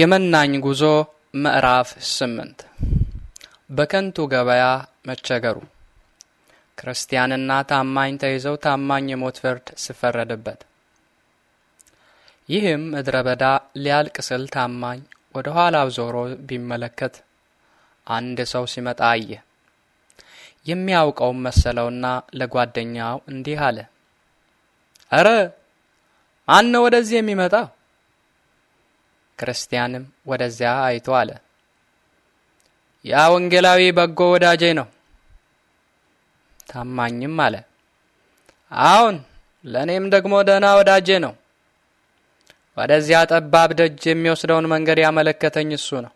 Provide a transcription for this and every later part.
የመናኝ ጉዞ ምዕራፍ ስምንት በከንቱ ገበያ መቸገሩ። ክርስቲያንና ታማኝ ተይዘው ታማኝ የሞት ፍርድ ሲፈረድበት፣ ይህም ምድረ በዳ ሊያልቅ ስል ታማኝ ወደ ኋላው ዞሮ ቢመለከት አንድ ሰው ሲመጣ አየ። የሚያውቀውም መሰለውና ለጓደኛው እንዲህ አለ፣ እረ ማን ነው ወደዚህ የሚመጣው? ክርስቲያንም ወደዚያ አይቶ አለ፣ ያ ወንጌላዊ በጎ ወዳጄ ነው፣ ታማኝም አለ። አሁን ለእኔም ደግሞ ደህና ወዳጄ ነው። ወደዚያ ጠባብ ደጅ የሚወስደውን መንገድ ያመለከተኝ እሱ ነው።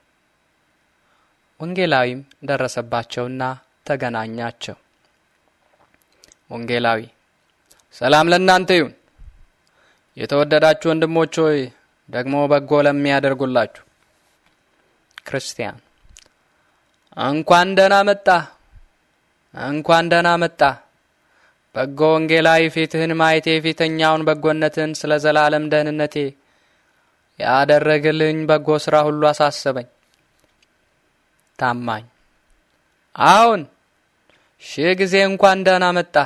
ወንጌላዊም ደረሰባቸውና ተገናኛቸው። ወንጌላዊ ሰላም ለእናንተ ይሁን። የተወደዳችሁ ወንድሞች ሆይ ደግሞ በጎ ለሚያደርጉላችሁ ክርስቲያን እንኳን ደህና መጣ እንኳን ደህና መጣ። በጎ ወንጌላዊ ፊትህን ማየቴ ፊተኛውን በጎነትን ስለ ዘላለም ደህንነቴ ያደረግልኝ በጎ ስራ ሁሉ አሳሰበኝ። ታማኝ አሁን ሺህ ጊዜ እንኳን ደህና መጣ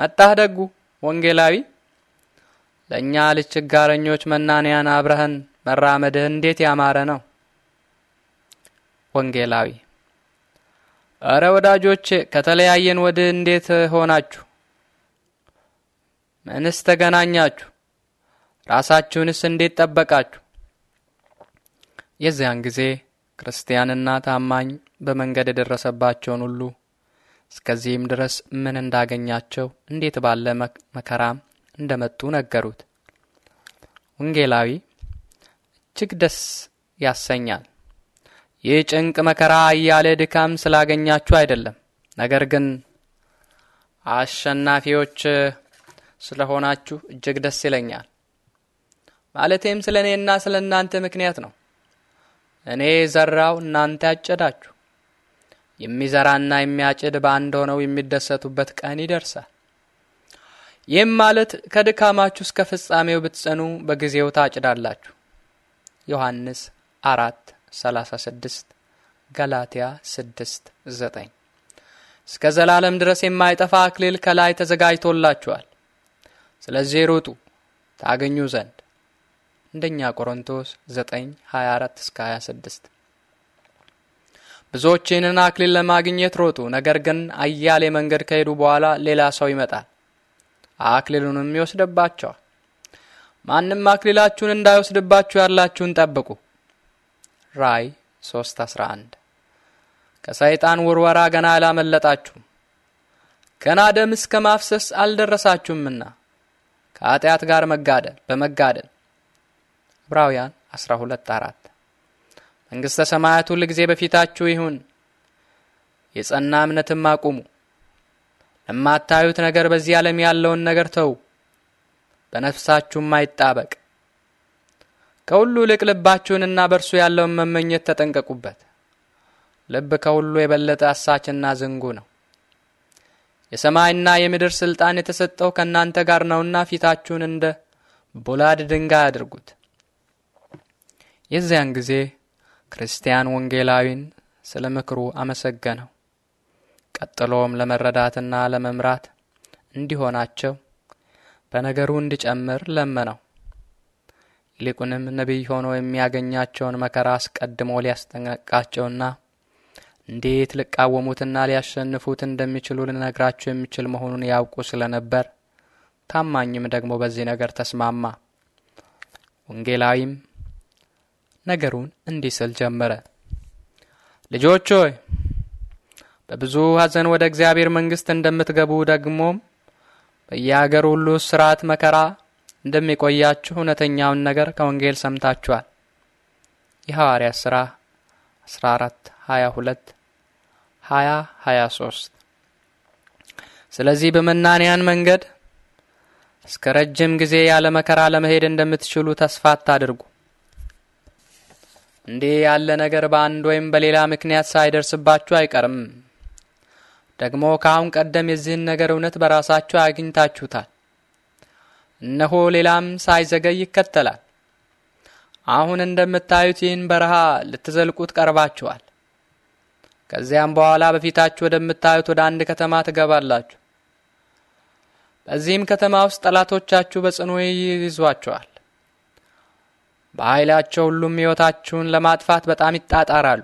መጣህ ደጉ ወንጌላዊ ለእኛ ልችጋረኞች መናንያን አብረህን መራመድህ እንዴት ያማረ ነው። ወንጌላዊ እረ ወዳጆቼ ከተለያየን ወዲህ እንዴት ሆናችሁ? ምንስ ተገናኛችሁ? ራሳችሁንስ እንዴት ጠበቃችሁ? የዚያን ጊዜ ክርስቲያንና ታማኝ በመንገድ የደረሰባቸውን ሁሉ እስከዚህም ድረስ ምን እንዳገኛቸው እንዴት ባለ መከራም እንደመጡ ነገሩት። ወንጌላዊ እጅግ ደስ ያሰኛል። ይህ ጭንቅ መከራ እያለ ድካም ስላገኛችሁ አይደለም፣ ነገር ግን አሸናፊዎች ስለሆናችሁ እጅግ ደስ ይለኛል። ማለቴም ስለ እኔና ስለ እናንተ ምክንያት ነው። እኔ ዘራው፣ እናንተ ያጨዳችሁ። የሚዘራና የሚያጭድ በአንድ ሆነው የሚደሰቱበት ቀን ይደርሳል። ይህም ማለት ከድካማችሁ እስከ ፍጻሜው ብትጸኑ በጊዜው ታጭዳላችሁ። ዮሐንስ አራት 36 ስድስት ገላትያ ስድስት ዘጠኝ እስከ ዘላለም ድረስ የማይጠፋ አክሊል ከላይ ተዘጋጅቶላችኋል። ስለዚህ ሩጡ ታገኙ ዘንድ አንደኛ ቆሮንቶስ 9 24 እስከ 26። ብዙዎች ይህንን አክሊል ለማግኘት ሮጡ፣ ነገር ግን አያሌ መንገድ ከሄዱ በኋላ ሌላ ሰው ይመጣል አክሊሉንም ይወስድባቸዋል። ማንም አክሊላችሁን እንዳይወስድባችሁ ያላችሁን ጠብቁ። ራይ 3:11 ከሰይጣን ውርወራ ገና አላመለጣችሁም፣ ገና ደም እስከ ማፍሰስ አልደረሳችሁምና ከኃጢአት ጋር መጋደል በመጋደል ዕብራውያን 12:4 መንግሥተ ሰማያት ሁል ጊዜ በፊታችሁ ይሁን፣ የጸና እምነትም አቁሙ። የማታዩት ነገር በዚህ ዓለም ያለውን ነገር ተው፣ በነፍሳችሁም አይጣበቅ። ከሁሉ ይልቅ ልባችሁንና በእርሱ ያለውን መመኘት ተጠንቀቁበት። ልብ ከሁሉ የበለጠ አሳችና ዝንጉ ነው። የሰማይና የምድር ሥልጣን የተሰጠው ከእናንተ ጋር ነውና ፊታችሁን እንደ ቦላድ ድንጋይ አድርጉት። የዚያን ጊዜ ክርስቲያን ወንጌላዊን ስለ ምክሩ አመሰገነው። ቀጥሎም ለመረዳትና ለመምራት እንዲሆናቸው በነገሩ እንዲጨምር ለመነው። ይልቁንም ነቢይ ሆኖ የሚያገኛቸውን መከራ አስቀድሞ ሊያስጠነቅቃቸውና እንዴት ልቃወሙትና ሊያሸንፉት እንደሚችሉ ሊነግራቸው የሚችል መሆኑን ያውቁ ስለነበር ታማኝም ደግሞ በዚህ ነገር ተስማማ። ወንጌላዊም ነገሩን እንዲህ ስል ጀመረ። ልጆች ሆይ በብዙ ሐዘን ወደ እግዚአብሔር መንግሥት እንደምትገቡ ደግሞም በየአገር ሁሉ ስርዓት መከራ እንደሚቆያችሁ እውነተኛውን ነገር ከወንጌል ሰምታችኋል። የሐዋርያ ሥራ 14 22 20 23 ስለዚህ በመናንያን መንገድ እስከ ረጅም ጊዜ ያለ መከራ ለመሄድ እንደምትችሉ ተስፋ አታድርጉ። እንዲህ ያለ ነገር በአንድ ወይም በሌላ ምክንያት ሳይደርስባችሁ አይቀርም። ደግሞ ከአሁን ቀደም የዚህን ነገር እውነት በራሳችሁ አግኝታችሁታል። እነሆ ሌላም ሳይዘገይ ይከተላል። አሁን እንደምታዩት ይህን በረሃ ልትዘልቁት ቀርባችኋል። ከዚያም በኋላ በፊታችሁ ወደምታዩት ወደ አንድ ከተማ ትገባላችሁ። በዚህም ከተማ ውስጥ ጠላቶቻችሁ በጽኑ ይይዟችኋል። በኃይላቸው ሁሉም ሕይወታችሁን ለማጥፋት በጣም ይጣጣራሉ።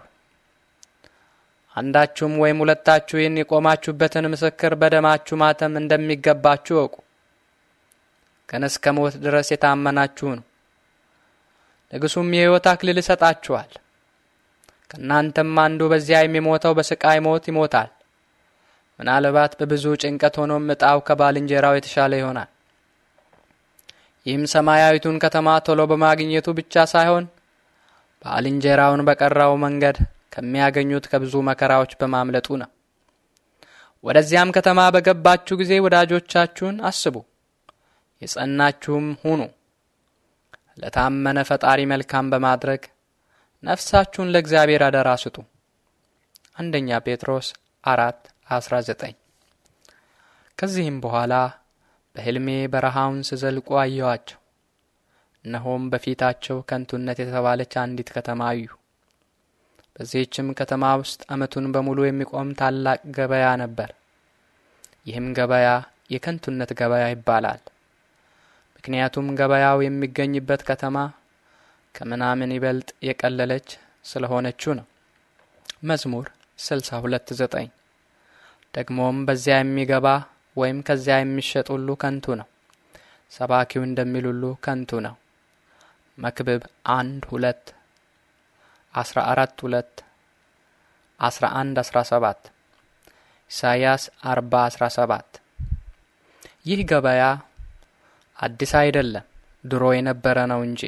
አንዳችሁም ወይም ሁለታችሁ ይህን የቆማችሁበትን ምስክር በደማችሁ ማተም እንደሚገባችሁ እወቁ። ግን እስከ ሞት ድረስ የታመናችሁ ነው። ንጉሡም የሕይወት አክሊል ይሰጣችኋል። ከእናንተም አንዱ በዚያ የሚሞተው በስቃይ ሞት ይሞታል። ምናልባት በብዙ ጭንቀት ሆኖም እጣው ከባልንጀራው የተሻለ ይሆናል። ይህም ሰማያዊቱን ከተማ ቶሎ በማግኘቱ ብቻ ሳይሆን ባልንጀራውን በቀረው መንገድ ከሚያገኙት ከብዙ መከራዎች በማምለጡ ነው። ወደዚያም ከተማ በገባችሁ ጊዜ ወዳጆቻችሁን አስቡ፣ የጸናችሁም ሁኑ። ለታመነ ፈጣሪ መልካም በማድረግ ነፍሳችሁን ለእግዚአብሔር አደራ ስጡ። አንደኛ ጴጥሮስ አራት አስራ ዘጠኝ ከዚህም በኋላ በሕልሜ በረሃውን ስዘልቁ አየኋቸው። እነሆም በፊታቸው ከንቱነት የተባለች አንዲት ከተማ አዩ። በዚህችም ከተማ ውስጥ ዓመቱን በሙሉ የሚቆም ታላቅ ገበያ ነበር። ይህም ገበያ የከንቱነት ገበያ ይባላል። ምክንያቱም ገበያው የሚገኝበት ከተማ ከምናምን ይበልጥ የቀለለች ስለሆነችው ነው። መዝሙር 62፥9 ደግሞም በዚያ የሚገባ ወይም ከዚያ የሚሸጥ ሁሉ ከንቱ ነው፣ ሰባኪው እንደሚል ሁሉ ከንቱ ነው። መክብብ አንድ ሁለት 14 2 11 17 ኢሳይያስ 40 17 ይህ ገበያ አዲስ አይደለም፣ ድሮ የነበረ ነው እንጂ።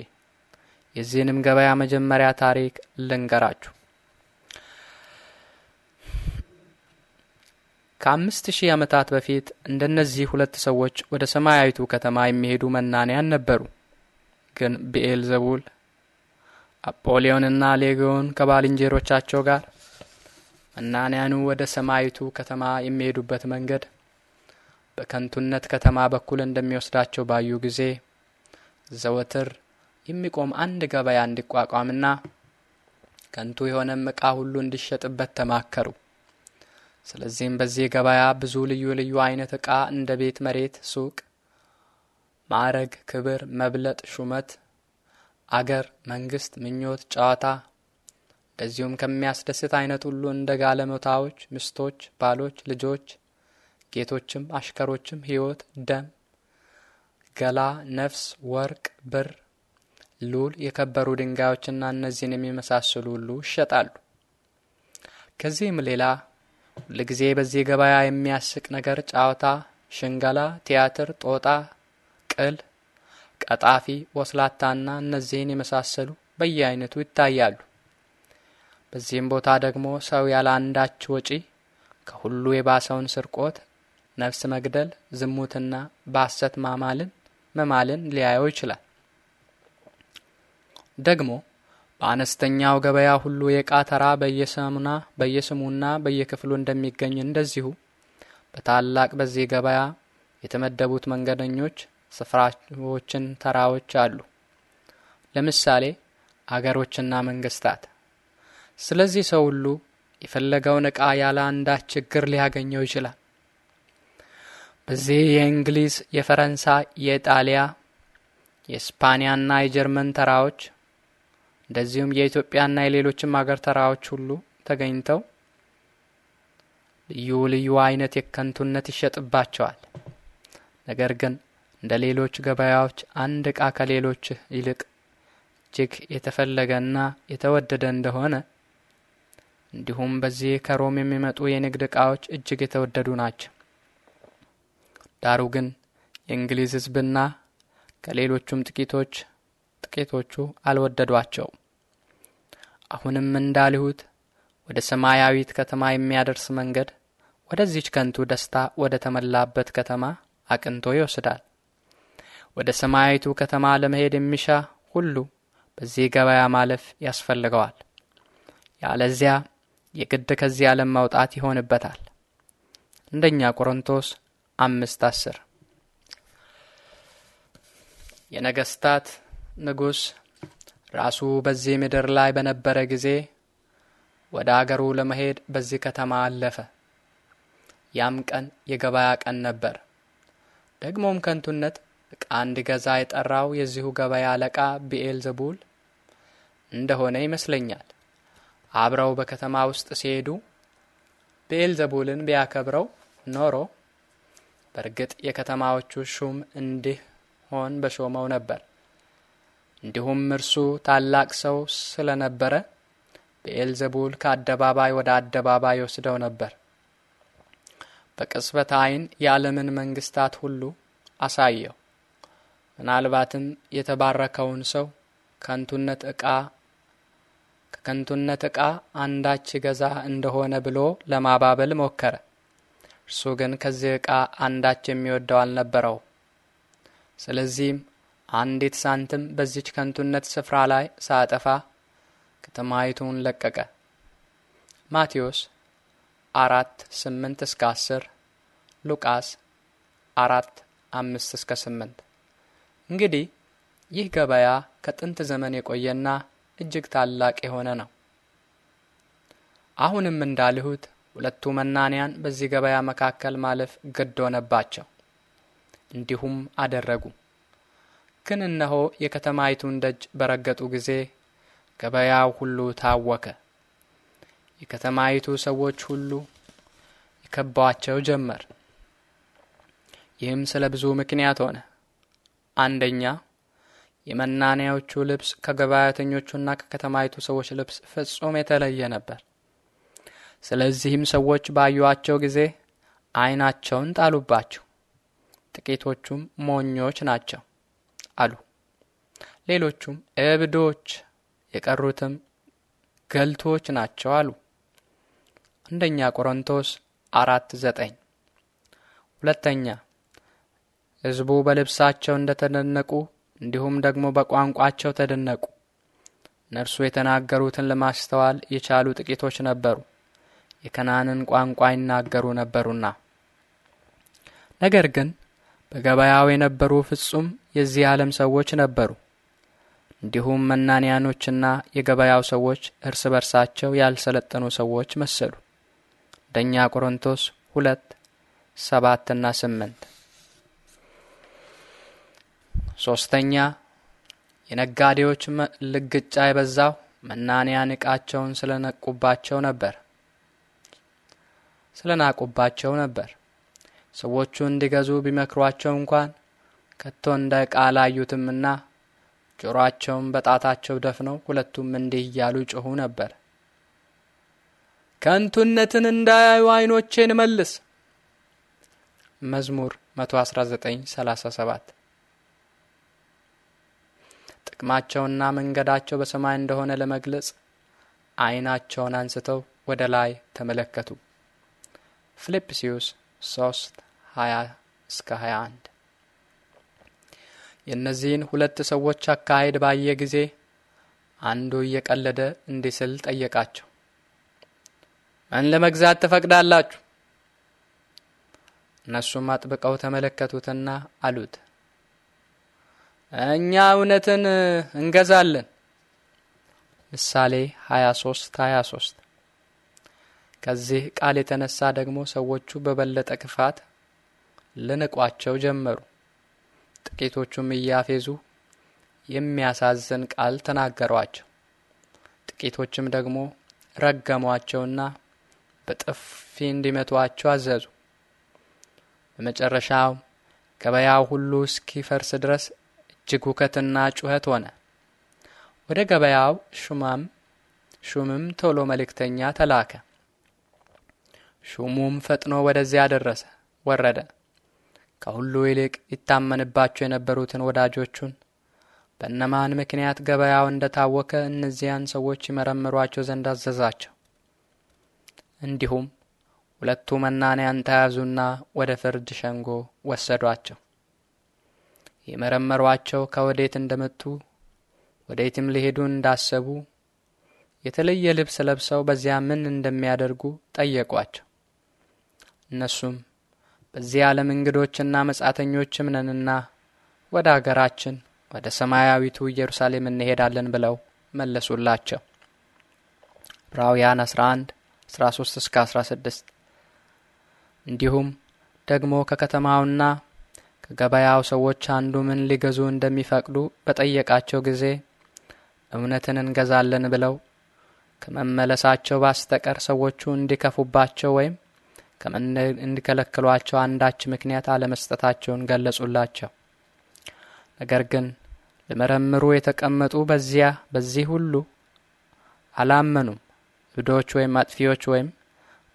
የዚህንም ገበያ መጀመሪያ ታሪክ ልንገራችሁ። ከአምስት ሺህ ዓመታት በፊት እንደነዚህ ሁለት ሰዎች ወደ ሰማያዊቱ ከተማ የሚሄዱ መናንያን ነበሩ። ግን ብኤል ዘቡል አፖሊዮንና ሌጌዎን ከባልንጀሮቻቸው ጋር መናንያኑ ወደ ሰማይቱ ከተማ የሚሄዱበት መንገድ በከንቱነት ከተማ በኩል እንደሚወስዳቸው ባዩ ጊዜ ዘወትር የሚቆም አንድ ገበያ እንዲቋቋምና ከንቱ የሆነም ዕቃ ሁሉ እንዲሸጥበት ተማከሩ። ስለዚህም በዚህ ገበያ ብዙ ልዩ ልዩ አይነት ዕቃ እንደ ቤት፣ መሬት፣ ሱቅ፣ ማዕረግ፣ ክብር፣ መብለጥ፣ ሹመት አገር፣ መንግስት፣ ምኞት፣ ጨዋታ እንደዚሁም ከሚያስደስት አይነት ሁሉ እንደ ጋለሞታዎች፣ ሚስቶች፣ ባሎች፣ ልጆች፣ ጌቶችም፣ አሽከሮችም፣ ህይወት ደም፣ ገላ፣ ነፍስ፣ ወርቅ፣ ብር፣ ሉል፣ የከበሩ ድንጋዮችና እነዚህን የሚመሳስሉ ሁሉ ይሸጣሉ። ከዚህም ሌላ ሁልጊዜ በዚህ ገበያ የሚያስቅ ነገር ጨዋታ፣ ሽንገላ፣ ቲያትር፣ ጦጣ፣ ቅል ቀጣፊ፣ ወስላታና እነዚህን የመሳሰሉ በየአይነቱ ይታያሉ። በዚህም ቦታ ደግሞ ሰው ያለ አንዳች ወጪ ከሁሉ የባሰውን ስርቆት፣ ነፍስ መግደል፣ ዝሙትና በሐሰት ማማልን መማልን ሊያየው ይችላል። ደግሞ በአነስተኛው ገበያ ሁሉ የዕቃ ተራ በየሰሙና በየስሙና በየክፍሉ እንደሚገኝ እንደዚሁ በታላቅ በዚህ ገበያ የተመደቡት መንገደኞች ስፍራዎችን ተራዎች አሉ። ለምሳሌ አገሮችና መንግስታት። ስለዚህ ሰው ሁሉ የፈለገውን ዕቃ ያለ አንዳች ችግር ሊያገኘው ይችላል። በዚህ የእንግሊዝ፣ የፈረንሳይ፣ የኢጣሊያ፣ የስፓኒያና የጀርመን ተራዎች እንደዚሁም የኢትዮጵያና የሌሎችም አገር ተራዎች ሁሉ ተገኝተው ልዩ ልዩ አይነት የከንቱነት ይሸጥባቸዋል። ነገር ግን እንደ ሌሎች ገበያዎች አንድ ዕቃ ከሌሎች ይልቅ እጅግ የተፈለገና የተወደደ እንደሆነ እንዲሁም በዚህ ከሮም የሚመጡ የንግድ ዕቃዎች እጅግ የተወደዱ ናቸው። ዳሩ ግን የእንግሊዝ ሕዝብና ከሌሎቹም ጥቂቶች ጥቂቶቹ አልወደዷቸው። አሁንም እንዳልሁት ወደ ሰማያዊት ከተማ የሚያደርስ መንገድ ወደዚች ከንቱ ደስታ ወደ ተሞላበት ከተማ አቅንቶ ይወስዳል። ወደ ሰማያዊቱ ከተማ ለመሄድ የሚሻ ሁሉ በዚህ ገበያ ማለፍ ያስፈልገዋል። ያለዚያ የግድ ከዚህ ዓለም መውጣት ይሆንበታል። አንደኛ ቆሮንቶስ አምስት አስር የነገስታት ንጉሥ ራሱ በዚህ ምድር ላይ በነበረ ጊዜ ወደ አገሩ ለመሄድ በዚህ ከተማ አለፈ። ያም ቀን የገበያ ቀን ነበር። ደግሞም ከንቱነት ዕቃ እንዲገዛ የጠራው የዚሁ ገበያ አለቃ ቢኤል ዘቡል እንደሆነ ይመስለኛል። አብረው በከተማ ውስጥ ሲሄዱ ብኤል ዘቡልን ቢያከብረው ኖሮ በእርግጥ የከተማዎቹ ሹም እንዲሆን በሾመው ነበር። እንዲሁም እርሱ ታላቅ ሰው ስለነበረ ብኤልዘቡል ከአደባባይ ወደ አደባባይ ወስደው ነበር። በቅጽበት ዓይን የዓለምን መንግስታት ሁሉ አሳየው። ምናልባትም የተባረከውን ሰው ከንቱነት ዕቃ ከከንቱነት ዕቃ አንዳች ገዛ እንደሆነ ብሎ ለማባበል ሞከረ። እርሱ ግን ከዚህ ዕቃ አንዳች የሚወደው አልነበረው። ስለዚህም አንዲት ሳንቲም በዚች ከንቱነት ስፍራ ላይ ሳጠፋ ከተማይቱን ለቀቀ። ማቴዎስ አራት ስምንት እስከ አስር ሉቃስ አራት አምስት እስከ ስምንት እንግዲህ ይህ ገበያ ከጥንት ዘመን የቆየና እጅግ ታላቅ የሆነ ነው። አሁንም እንዳልሁት ሁለቱ መናንያን በዚህ ገበያ መካከል ማለፍ ግድ ሆነባቸው። እንዲሁም አደረጉ። ግን እነሆ የከተማይቱን ደጅ በረገጡ ጊዜ ገበያው ሁሉ ታወከ። የከተማይቱ ሰዎች ሁሉ ይከቧቸው ጀመር። ይህም ስለ ብዙ ምክንያት ሆነ። አንደኛ የመናንያዎቹ ልብስ ከገበያተኞቹና ከከተማይቱ ሰዎች ልብስ ፍጹም የተለየ ነበር። ስለዚህም ሰዎች ባዩዋቸው ጊዜ ዓይናቸውን ጣሉባቸው። ጥቂቶቹም ሞኞች ናቸው አሉ፣ ሌሎቹም እብዶች፣ የቀሩትም ገልቶች ናቸው አሉ። አንደኛ ቆሮንቶስ አራት ዘጠኝ ሁለተኛ ሕዝቡ በልብሳቸው እንደ ተደነቁ እንዲሁም ደግሞ በቋንቋቸው ተደነቁ። ነርሱ የተናገሩትን ለማስተዋል የቻሉ ጥቂቶች ነበሩ፣ የከናንን ቋንቋ ይናገሩ ነበሩና። ነገር ግን በገበያው የነበሩ ፍጹም የዚህ ዓለም ሰዎች ነበሩ። እንዲሁም መናንያኖችና የገበያው ሰዎች እርስ በርሳቸው ያልሰለጠኑ ሰዎች መሰሉ። አንደኛ ቆሮንቶስ ሁለት ሰባትና ስምንት ሶስተኛ የነጋዴዎች ልግጫ የበዛው መናንያን ዕቃቸውን ስለነቁባቸው ነበር ስለናቁባቸው ነበር። ሰዎቹ እንዲገዙ ቢመክሯቸው እንኳን ከቶ እንደ ዕቃ አላዩትምና ጆሮአቸውን በጣታቸው ደፍነው ሁለቱም እንዲህ እያሉ ጮኹ ነበር። ከንቱነትን እንዳያዩ አይኖቼን መልስ መዝሙር 119 37 ጥቅማቸውና መንገዳቸው በሰማይ እንደሆነ ለመግለጽ ዓይናቸውን አንስተው ወደ ላይ ተመለከቱ። ፊልጵስዩስ 3 20 እስከ 21 የእነዚህን ሁለት ሰዎች አካሄድ ባየ ጊዜ አንዱ እየቀለደ እንዲህ ስል ጠየቃቸው። ምን ለመግዛት ትፈቅዳላችሁ? እነሱም አጥብቀው ተመለከቱትና አሉት እኛ እውነትን እንገዛለን። ምሳሌ 23 23 ከዚህ ቃል የተነሳ ደግሞ ሰዎቹ በበለጠ ክፋት ልንቋቸው ጀመሩ። ጥቂቶቹም እያፌዙ የሚያሳዝን ቃል ተናገሯቸው። ጥቂቶችም ደግሞ ረገሟቸውና በጥፊ እንዲመቷቸው አዘዙ። በመጨረሻው ገበያው ሁሉ እስኪፈርስ ድረስ እጅግ ውከትና ጩኸት ሆነ። ወደ ገበያው ሹማም ሹምም ቶሎ መልእክተኛ ተላከ። ሹሙም ፈጥኖ ወደዚያ ደረሰ፣ ወረደ። ከሁሉ ይልቅ ይታመንባቸው የነበሩትን ወዳጆቹን በእነማን ምክንያት ገበያው እንደታወከ እነዚያን ሰዎች ይመረምሯቸው ዘንድ አዘዛቸው። እንዲሁም ሁለቱ መናንያን ተያዙና ወደ ፍርድ ሸንጎ ወሰዷቸው። የመረመሯቸው ከወዴት እንደመጡ ወዴትም ሊሄዱ እንዳሰቡ የተለየ ልብስ ለብሰው በዚያ ምን እንደሚያደርጉ ጠየቋቸው። እነሱም በዚህ ዓለም እንግዶችና መጻተኞችም ነንና ወደ አገራችን ወደ ሰማያዊቱ ኢየሩሳሌም እንሄዳለን ብለው መለሱላቸው። ዕብራውያን 11 13 እስከ 16 እንዲሁም ደግሞ ከከተማውና ከገበያው ሰዎች አንዱ ምን ሊገዙ እንደሚፈቅዱ በጠየቃቸው ጊዜ እውነትን እንገዛለን ብለው ከመመለሳቸው በስተቀር ሰዎቹ እንዲከፉባቸው ወይም እንዲከለክሏቸው አንዳች ምክንያት አለመስጠታቸውን ገለጹላቸው። ነገር ግን ለመረምሩ የተቀመጡ በዚያ በዚህ ሁሉ አላመኑም። እብዶች ወይም አጥፊዎች ወይም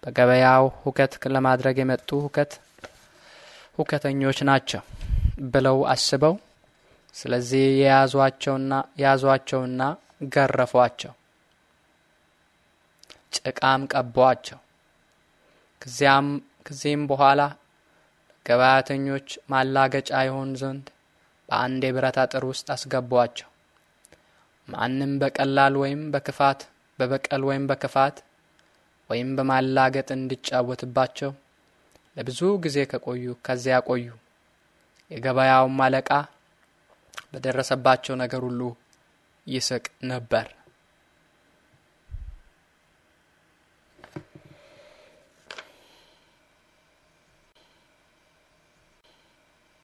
በገበያው ሁከት ለማድረግ የመጡ ሁከት ሁከተኞች ናቸው ብለው አስበው ስለዚህ የያዟቸውና ያዟቸውና ገረፏቸው፣ ጭቃም ቀቧቸው። ከዚያም ከዚህም በኋላ ገበያተኞች ማላገጫ ይሆን ዘንድ በአንድ የብረት አጥር ውስጥ አስገቧቸው። ማንም በቀላል ወይም በክፋት በበቀል ወይም በክፋት ወይም በማላገጥ እንዲጫወትባቸው ለብዙ ጊዜ ከቆዩ ከዚያ ቆዩ። የገበያውም አለቃ በደረሰባቸው ነገር ሁሉ ይስቅ ነበር።